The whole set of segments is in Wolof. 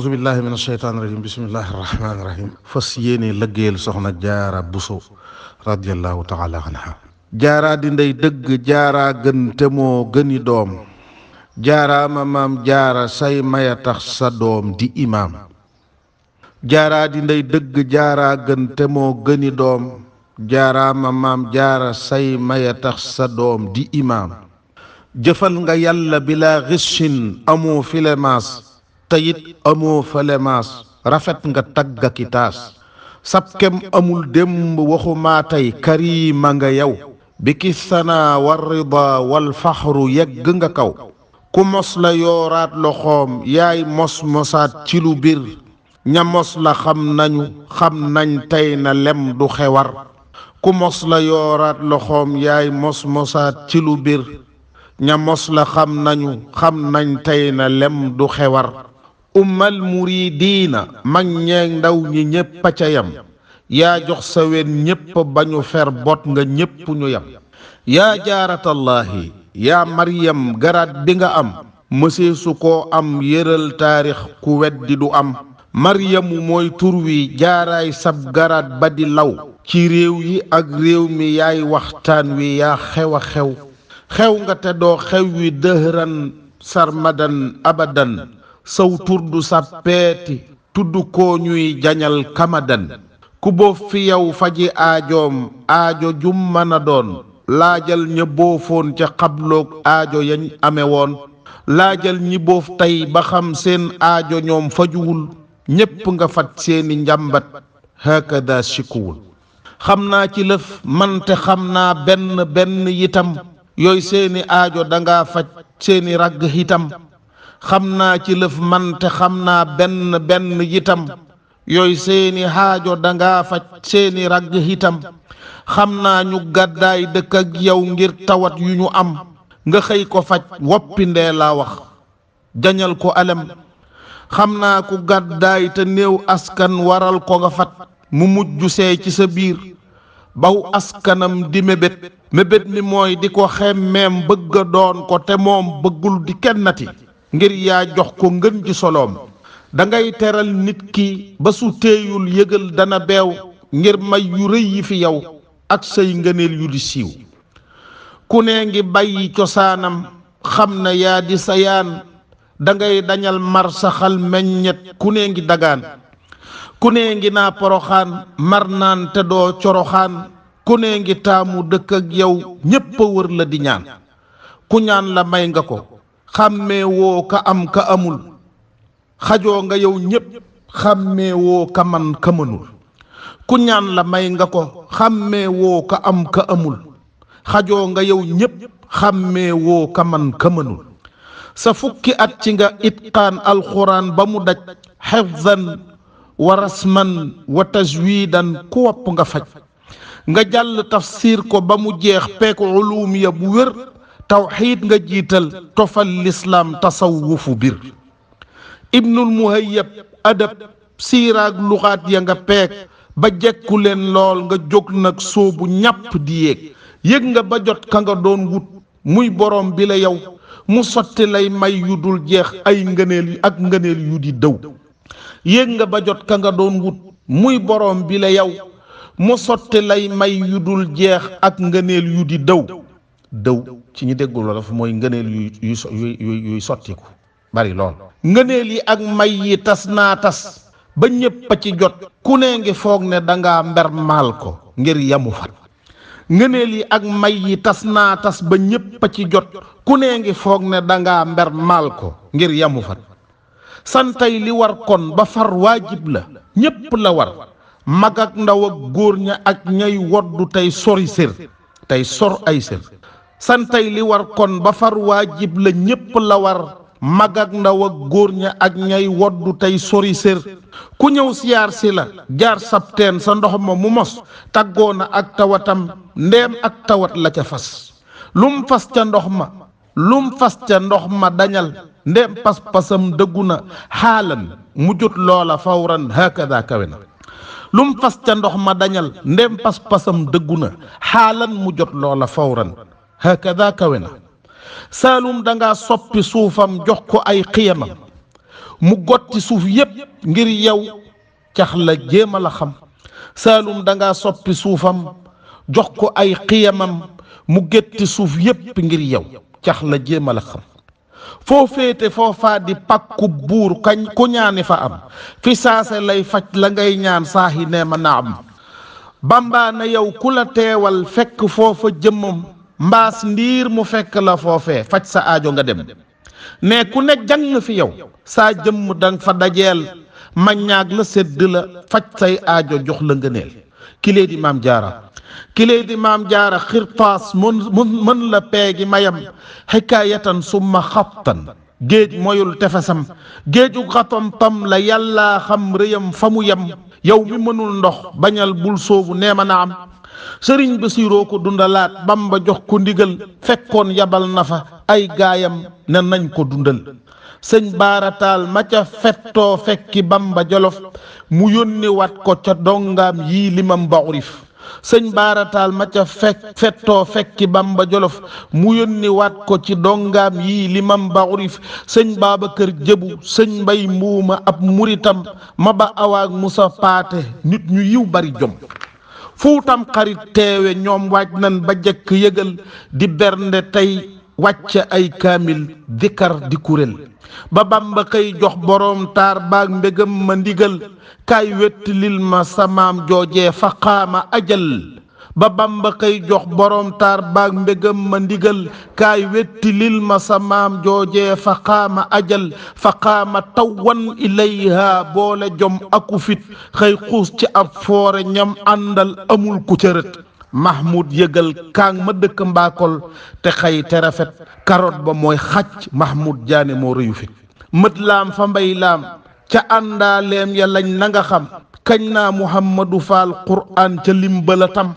auzu billahi min asheytaani rajim bismillahi rahmaani rahim fas yéene lëggéeyal soxna jaara buso dëgg jaara gën moo gëni jaara say maya tax sa doom di imaam jaara dëgg jaara gën moo gëni doom jaara ma say maya tax sa doom di imaam nga yàlla bila gishin amu filemaas te it amoo falemaas rafet nga taggaki taas sab kem amul démb waxumaa tey karima nga yow bi ki sanaa war rida wal faxru yegg nga kaw ku mos la yooraat loxoom yaay mos mosaat ci lu biir ña mos la xam nañu xam nañ tey na lem du xewar ku mos la yooraat loxoom yaay mos mosaat ci lu biir ña mos la xam nañu xam nañ tey na lem du xewar ummal muridiina mag ñeeg ndaw ñi ñépp a ca yam yaa jox sa ween bañu fer bot nga ñépp ñu yam yaa jaaratallaahi yaa maryam garaat bi nga am mëseesu koo am yëral taarix ku weddi du am maryamu mooy tur wi jaaraay sab garaat ba di law ci réew yi ak réew mi yaay waxtaan wi yaa xew xew xew nga te doo xew wi dëhëran sarmadan abadan saw tur du sàppeeti tudd ko ñuy jañal kamadan ku boof fi yow faji aajoom aajo jum mën doon laajal ña boofoon ca xabloog aajo yañ ame woon laajal ñi boof tey ba xam seen aajo ñoom fajuwul ñépp nga faj seeni njàmbat hakada sikkuwul xam naa ci lëf mante xam naa benn benn yitam yooyu seeni aajo danga faj seeni ragg itam xam naa ci lëf man te xam naa benn benn yitam yooyu seeni xaajo danga faj seeni ragg itam xam naa ñu gàddaay dëkk ak yow ngir tawat yu ñu am nga xëy ko faj woppindee la wax jañal ko alem xam naa ku gàddaay te néew askan waral ko nga fat mu mujj see ci sa biir baw askanam di mébét mébét mi mooy di ko xemmeem bëgg doon ko te moom bëggul di kennati ngir yaa jox ko ngën ci soloom da teral nit ki ba su yëgal dana beew ngir may yu rëy yi fi yow ak say ngëneel yu di siiw ku ne ngi bàyyi cosaanam xam na yaa di sayaan dangay dañal mar saxal meññet ku ne ngi dagaan ku ne ngi naa poroxaan mar te doo coroxaan ku ne ngi taamu dëkk ak yow ñépp wër la di ñaan ku ñaan la may nga ko xàmmee woo ka am ka amul xajoo nga yow ñépp xàmmee woo ka man ka mënul ku ñaan la may nga ko xàmmee woo ka am ka amul xajoo nga yow ñépp xàmmee woo ka man ka mënul sa fukki at ci nga itqaan alxuraan ba mu daj xefzan wa rasman wa tajwiidan ku wopp nga faj nga jàll tafsir ko ba mu jeex peek ulum ya bu wér tawxiid nga jiital tofal lislaam tasawufu bir ibnul muhayyab adab siiraag luxaat ya nga peeg ba jekku leen lool nga jóg nag soobu ñàpp di yéeg yëg nga ba jot ka nga doon wut muy boroom bi la yow mu sotti lay may yu dul jeex ay ngëneel ak ngëneel yu di dëw yéeg nga ba jot ka nga doon wut muy boroom bi la yow mu sotte lay may yu dul jeex ak ngëneel yu di dëw dëw ci ñi déggul wolof mooy ngëneel yu yuy sottiku bari lool ngëneel yi ak may yi tas naa tas ba ñëpp a ci jot ku ne ngi foog ne danga mber maal ko ngir yamu fa yi ak may yi tas naa tas ba ñëpp a ci jot ku ne ngi foog ne dangaa mber maal ko ngir yamu fa santay li war kon ba far waajib la ñépp la war mag ak ndaw ak góor ña ak ñay woddu tey sori sér tey sor ay sér santay li war kon ba far waajib la ñépp la war mag ak ndaw ak góor ña ak ñay woddu tey sori sér ku ñëw siyaar si la jaar sab teen sa ndox ma mu mos tàggoo na ak tawatam ndeem ak tawat la ca fas lum fas ca ndox ma lum fas ca ndox ma dañal ndeem pas-pasam dëggu na xaalan mu jot loola fawran hakada kawe na lum fas ca ndox ma dañal ndeem pas-pasam dëggu na xaalan mu jot loola fawran hakada kawe na saalum dangaa soppi suufam jox ko ay xiyamam mu gotti suuf yépp ngir yow cax la jéem a la xam saalum dangaa soppi suufam jox ko ay xiyamam mu gétti suuf yépp ngir yow cax la jéem a la xam foo féete foofaa di pàkku buur kañ ku ñaani fa am fi saase lay faj la ngay ñaan saahi neema na am bamba na yow ku la teewal fekk foofa jëmmam mbaas ndiir mu fekk la foofe faj sa aajo nga dem mais ku ne jàng fi yow saa jëmm dang fa dajeel ma ñaag la sedd la faj say aajo jox la ngëneel kilee di maam jaara kilee di maam jaara xirtaas mën mën la peegi mayam xikaayatan suma xattan géej moyul tefesam géeju xatam tam la yàllaa xam rëyam fa mu yem yow mi mënul ndox bañal bul soobu neema na am sëriñ Basiiroo ko dundalaat Bamba jox ko ndigal fekkoon yabal na fa ay gaayam ne nañ ko dundal sëñ baarataal ma ca fettoo fekki Bamba Jolof mu yónni ko ca dongaam yii limam bawrif sëñ baarataal ma ca fekk fettoo fekki Jolof mu yónni waat ko ci dongaam yii limam bawrif sëñ kër Jëbu sëñ Mbay Mbuuma ab muritam ma ba awaak Musa Paate nit ñu yiw bari jom fuutam xarit teewe ñoom waaj nan ba jëkk yëgal di bernde tey wàcc ay kaamil dikar di kuréel ba bamba kay jox borom taar baag mbégam ma ndigal kay wett lil ma samaam joojee fa xaama ajal ba bamba xëy jox borom taar baag mbégam ma ndigal kaay wetti ma sa maam joojee fa xaama ajal fa xaama tawan ilayha boole jom aku fit xëy xuus ci ab foore ñam àndal amul ku cërët mahmoud yëgal kaang ma dëkk mbaakol te xëy te rafet karoot ba mooy xaj mahmoud jaane moo rëyu fit mët laam fa mbay laam ca àndaaleem ya lañ na nga xam kañ naa muhammadu faal quraan ca limbala tam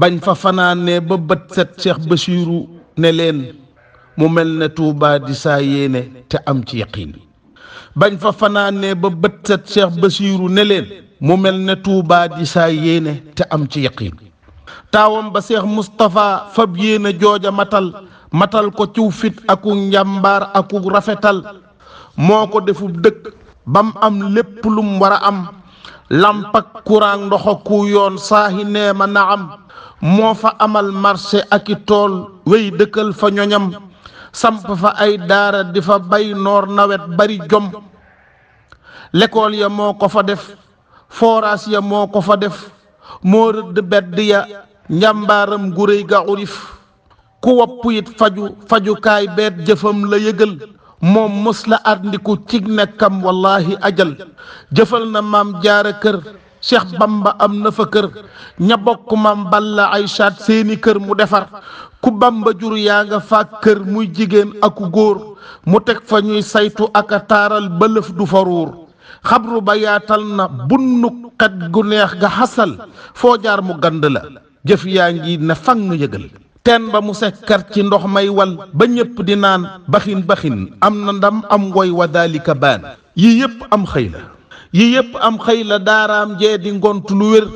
bañ fa fanaanee ba bët set Cheikh Bachiru ne mu mel ne Touba di saa yéene te am ci yaqiin bañ fa fanaanee ba bët set Cheikh Bachiru ne mu mel ne Touba di saa yéene te am ci yaqiin taawam ba Cheikh Moustapha fab yéene jooja matal matal ko ciw fit aku njàmbaar aku rafetal moo ko defub dëkk bam am lépp lum war a am lamp ak courant ku yoon saahi neema na am moo fa amal marché ak i tool wéy dëkkal fa ñoñam samp fa ay daara di fa bay noor nawet bari jom lekkool ya moo ko fa def forage ya moo ko fa def moo rëdd bedd ya njàmbaaram gu réy ga urif ku wopp it faju fajukaay beet jëfam la yëgal moom mës la àndiku cig nekkam wallaahi ajal jëfal na maam jaara kër Cheikh Bamba am na fa kër ña bokk maam Balla ay saat seeni kër mu defar ku Bamba jur yaa nga fa kër muy jigéen ak góor mu teg fa ñuy saytu ak a taaral bëlëf du fa ruur xabru ba yaatal na bunnu xet gu neex ga xasal foo jaar mu gand la jëf yaa ngi ne fang yëgal teen ba mu sekkar ci ndox may wal ba ñépp di naan baxin baxin am na ndam am woy wa daalika baan yii yépp am xëy la yi yépp am xëy la daaraam jee di ngont lu wér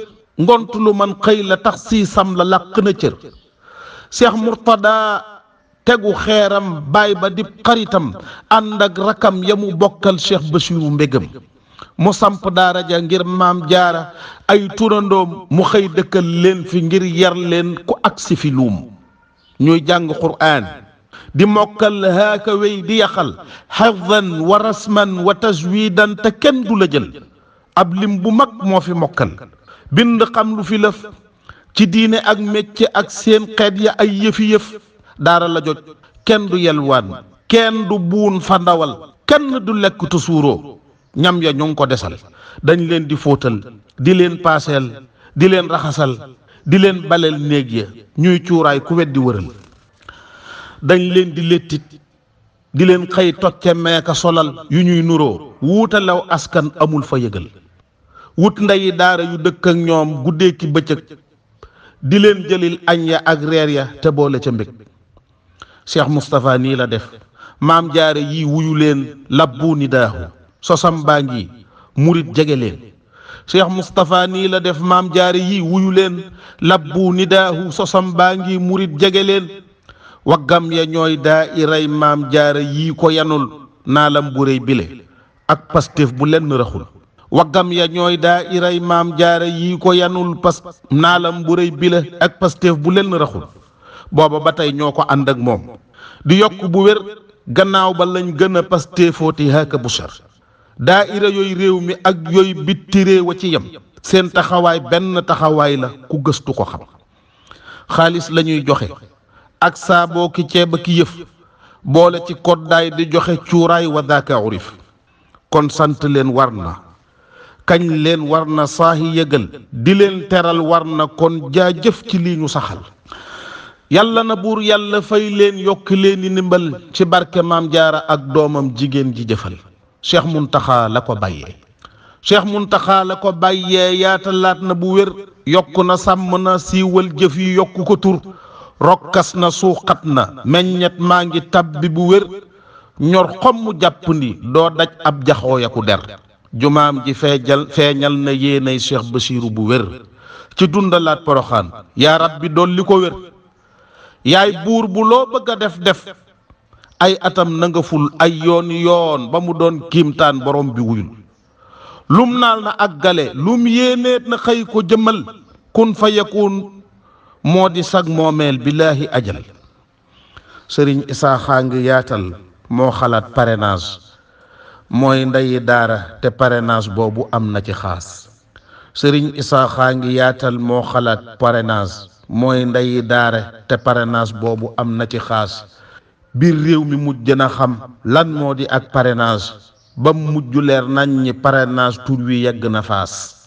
ngont lu man xëy la tax siisam la làq na cër seex murtada tegu xeeram baay ba dib xaritam ànd ak rakam ya bokkal seex basiiru mbégam mu samp dara ja ngir maam jaara ay turandoom mu xëy dëkkal leen fi ngir yar leen ku agsi fi luum ñuy jàng quraan di mokkal haaka di yàqal xafdan wa rasman wa tajwidan te kenn du la jël ab lim bu mag moo fi mokkal bind xam lu fi lëf ci diine ak métier ak seen xeet ya ay yëfi yëf daara la jot kenn du yelwaan kenn du buun fa ndawal kenn du lekk tusuuroo ñam ya ñu ngi ko desal dañ leen di fóotal di leen paaseel di leen raxasal di leen baleel néeg ya ñuy cuuraay ku weddi wëral dañ leen di lettit di leen xëy tocce meeka solal yu ñuy nuroo wuutalew askan amul fa yëgal wut ndeyi daara yu dëkk ak ñoom guddee ki bëccëg di leen jëlil añ ya ak reer ya te boole ca mbég Cheikh Moustapha nii la def maam jaare yii wuyu leen labbu ni sosam baa ngi murit jege leen Cheikh Moustapha nii la def maam jaare yii wuyu leen labbu ni sosam baa ngi murit jege leen waggam ya ñooy daa iray maam jaara yii ko yanul naalam bu rëy bile ak pastéef bu lenn raxul waggam ya ñooy daa iray maam jaara yii ko yanul pas naalam bu rëy bile ak pastéef bu lenn raxul booba ba tey ñoo ko ànd ak moom di yokk bu wér gannaaw ba lañ gën a pastéefooti haka bu char daa ira réew mi ak yooyu bitti réew a ci yem seen taxawaay benn taxawaay la ku gëstu ko xam xaalis lañuy joxe ak saaboo ki ceeb ki yëf boole ci koddaay di joxe cuuraay wa daaka urif kon sant leen war na kañ leen war na saahi yëgal di leen teral war na kon jaa jëf ci lii ñu saxal yàlla na buur yàlla fay leen yokk leen i ndimbal ci barke maam jaara ak doomam jigéen ji jëfal cheikh muntaxa la ko bàyyee cheikh muntaxa la ko bàyyee yaatalaat na bu wér yokk na sàmm na siiwal jëf yi yokk ko tur rokkas na suuxat na meññet maa ngi tabbi bu wér ñor xomm jàpp doo daj ab jaxooyaku der jumaam ji feejal feeñal na yéenay Cheikh Basiiru bu wér ci dundalaat poroxaan yaa rabbi dolli ko wér yaay buur bu loo bëgg a def def ay atam na ful ay yoon yoon ba mu doon kiimtaan borom bi wuyul lum naal na àggale lum yéeneet na xëy ko jëmmal kun fa yakun moo di sag moomeel billaahi ajal sëriñ isaaxaa ngi yaatal moo xalaat parrainage mooy ndeyi daara te parrainage boobu am na ci xaas sëriñ isaaxaa ngi yaatal moo xalaat parrainage mooy ndeyi daara te parrainage boobu am na ci xaas biir réew mi mujj na xam lan moo di ak parrainage ba mujj leer nañ ñi parrainage tur wi yegg na faas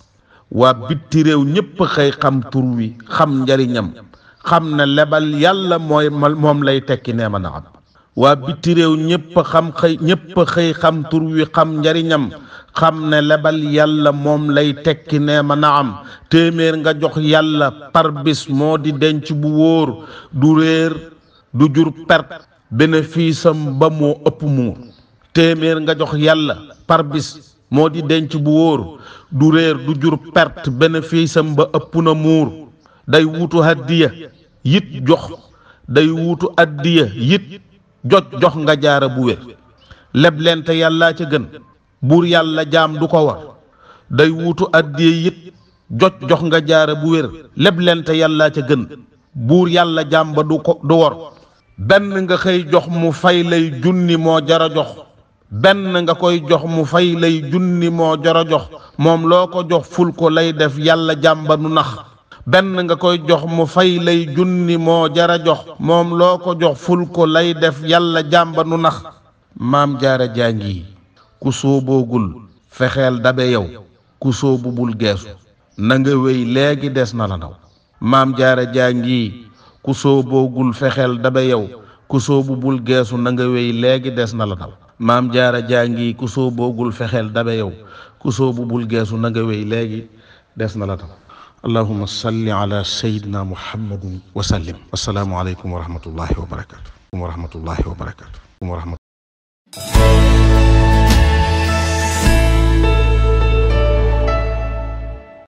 waa bitti réew ñépp xëy xam tur wi xam njariñam xam na lebal yàlla mooy moom lay tekki neema na am réew ñépp xam xëy xam tur wi xam njariñam xam ne lebal yàlla moom lay tekki neema na am téeméer nga jox yàlla par bis moo di denc bu wóor du réer du jur perte bénéfice ba moo ëpp muur téeméer nga jox yàlla par bis moo di denc bu wóor du réer du jur perte bénéfice am ba ëpp na muur day wuutu addiya yit jox day wuutu addiya yit joj jox nga jaara bu ca gën yàlla jaam du ko war wuutu addiya yit jox nga jaara bu wér leb leen te yàllaa ca gën buur yàlla jaam ba du ko du war benn nga xëy jox mu fay lay junni moo jar a jox benn nga koy jox mu fay lay junni moo jara jox moom loo ko jox ful ko lay def yàlla jàmba nu nax benn nga koy jox mu fay lay junni moo jara jox moom loo ko jox ful ko lay def yàlla jàmba nu nax maam jaara jàngi ku sóoboogul fexeel dabe yow ku sóobu bul geesu na wéy léegi des na la ndaw maam jaara jàngi ku sóoboogul fexeel dabe yow ku sóobu bul geesu na wéy léegi des na la ndaw maam jaara jàngi ku soo boogul fexeel dabe yow ku soo bu bul geesu na nga wéy léegi des na la tam allahuma salli ala sayidina muhammadin wa sallim assalaamu aleykum wa rahmatullahi wa barakatu wa rahmatullahi wa barakatu